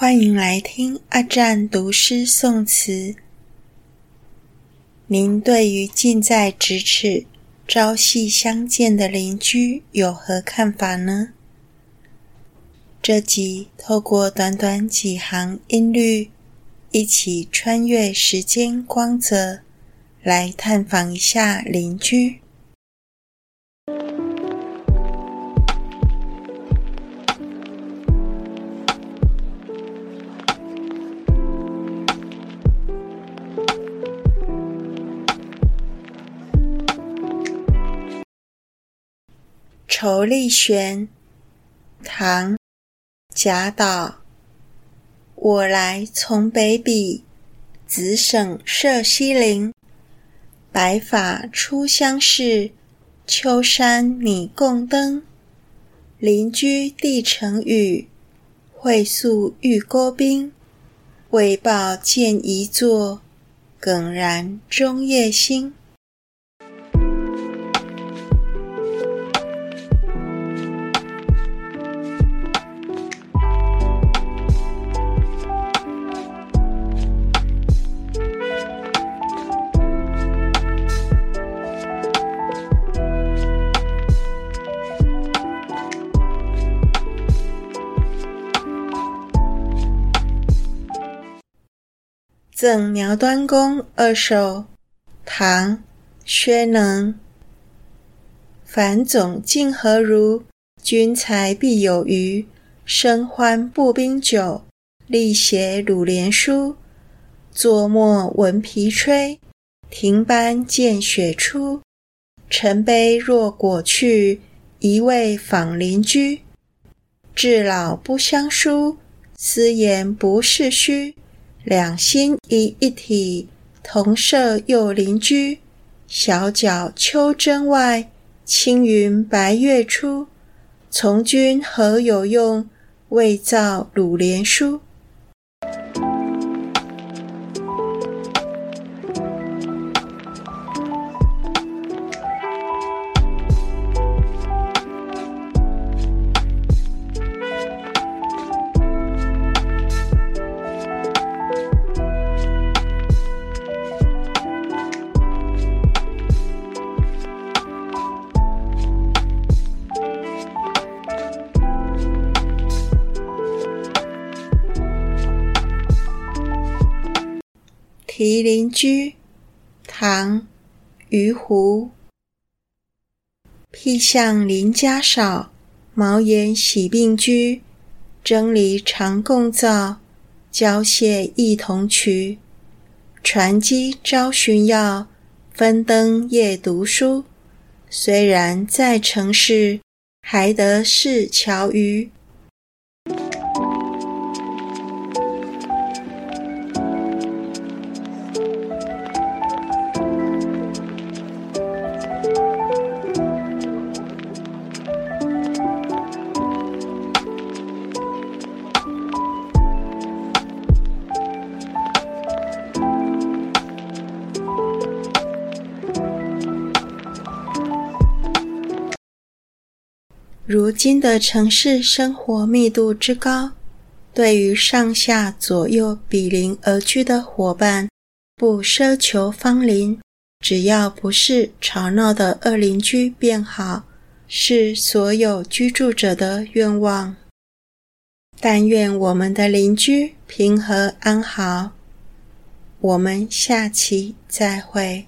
歡迎來聽阿占讀詩宋詞。您對於近在咫尺、朝夕相見的鄰居有何看法呢？這集透過短短幾行音律，一起穿越時間光澤，來探訪一下鄰居。酬厲玄，唐，賈島。我來從北鄙，子省涉西陵，白髮初相識，秋山擬共登。鄰居帝城雨，會宿御溝冰。未報見貽作，耿然中夜興。贈苗端公二首，唐·薛能。凡總敬何如？君才必有餘。生歡步冰酒，力寫乳連書。坐墨聞皮吹，庭班見雪出。晨杯若果去，一味訪鄰居。至老不相書，斯言不是虛。兩心宜一體，同舍又鄰居。曉角秋砧外，清雲白月初。從軍何有用？未造魯連書。題鄰居，唐·於鵠。僻巷鄰家少，茅檐喜並居。蒸梨常共灶，澆薤亦同渠。傳屐朝尋藥，分燈夜讀書。雖然在城市，還得似樵漁。如今的城市生活密度之高，對於上下左右比鄰而居的夥伴，不奢求芳鄰，只要不是吵鬧的惡鄰居便好，是所有居住者的願望。但願我們的鄰居平和安好。我們下期再會。